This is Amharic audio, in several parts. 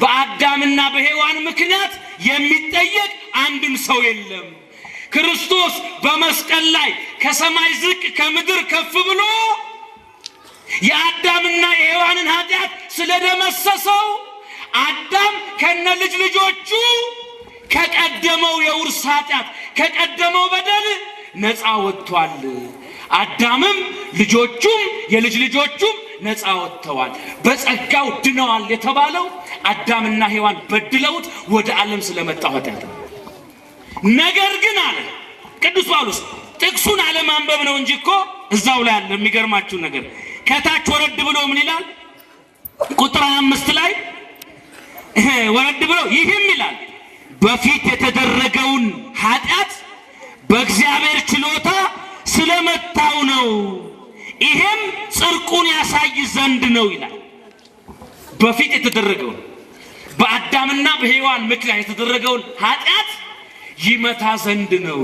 በአዳምና በሔዋን ምክንያት የሚጠየቅ አንድም ሰው የለም። ክርስቶስ በመስቀል ላይ ከሰማይ ዝቅ ከምድር ከፍ ብሎ የአዳምና የሔዋንን ኃጢአት ስለደመሰሰው አዳም ከነ ልጅ ልጆቹ ከቀደመው የውርስ ኃጢአት ከቀደመው በደል ነፃ ወጥቷል። አዳምም ልጆቹም የልጅ ልጆቹም ነፃ ወጥተዋል፣ በጸጋው ድነዋል የተባለው አዳምና ሔዋን በድለውት ወደ ዓለም ስለመጣ ኃጢአት ነው። ነገር ግን አለ ቅዱስ ጳውሎስ ጥቅሱን አለማንበብ ነው እንጂ እኮ እዛው ላይ አለ። የሚገርማችሁ ነገር ከታች ወረድ ብሎ ምን ይላል? ቁጥር አምስት ላይ ወረድ ብሎ ይህም ይላል በፊት የተደረገውን ኃጢአት በእግዚአብሔር ችሎታ ስለመታው ነው። ይህም ጽድቁን ያሳይ ዘንድ ነው ይላል። በፊት የተደረገውን በአዳምና በሔዋን ምክንያት የተደረገውን ኃጢአት ይመታ ዘንድ ነው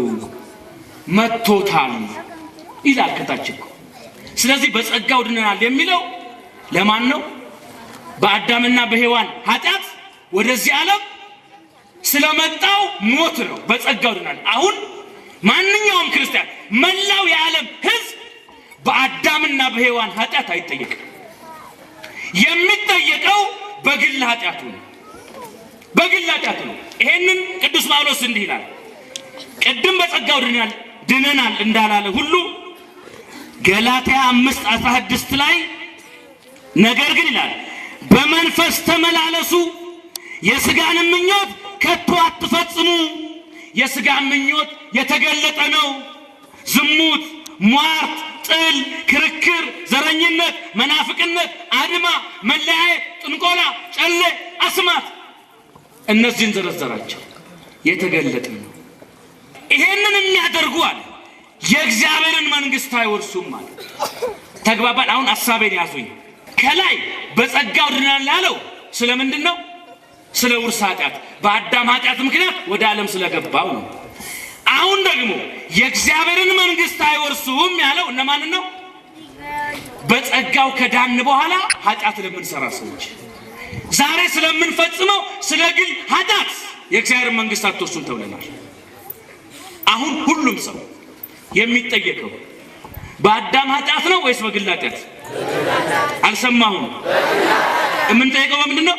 መቶታል ይላል ከታችን። ስለዚህ በጸጋው ድነናል የሚለው ለማን ነው? በአዳምና በሔዋን ኃጢአት ወደዚህ ዓለም ስለመጣው ሞት ነው። በጸጋው ድነናል። አሁን ማንኛውም ክርስቲያን መላው የዓለም በአዳምና በሔዋን ኃጢአት አይጠየቅም። የሚጠየቀው በግል ኃጢአቱ ነው። በግል ኃጢአቱ ነው። ይሄንን ቅዱስ ጳውሎስ እንዲህ ይላል፣ ቅድም በጸጋው ድነናል ድነናል እንዳላለ ሁሉ ገላትያ አምስት አስራ ስድስት ላይ ነገር ግን ይላል በመንፈስ ተመላለሱ፣ የስጋን ምኞት ከቶ አትፈጽሙ። የስጋ ምኞት የተገለጠ ነው፣ ዝሙት፣ ሟርት፣ ጥል፣ ክርክር፣ ዘረኝነት፣ መናፍቅነት፣ አድማ፣ መለያየት፣ ጥንቆላ፣ ጨሌ፣ አስማት እነዚህን ዘረዘራቸው። የተገለጠ ነው። ይሄንን የሚያደርጉ አለ የእግዚአብሔርን መንግስት አይወርሱም አለ። ተግባባል። አሁን አሳቤን ያዙኝ። ከላይ በጸጋው ድናን ላለው ስለምንድን ነው? ስለ ውርስ ኃጢአት፣ በአዳም ኃጢአት ምክንያት ወደ ዓለም ስለገባው ነው። አሁን ደግሞ የእግዚአብሔርን መንግስት አይወርሱም ያለው እነማን ነው? በጸጋው ከዳን በኋላ ኃጢአት ለምንሰራ ሰዎች ዛሬ ስለምንፈጽመው ስለ ግል ኃጢአት የእግዚአብሔር መንግስት አትወርሱም ተብለናል። አሁን ሁሉም ሰው የሚጠየቀው በአዳም ኃጢአት ነው ወይስ በግል ኃጢአት? አልሰማሁም። የምንጠየቀው በምንድን ነው?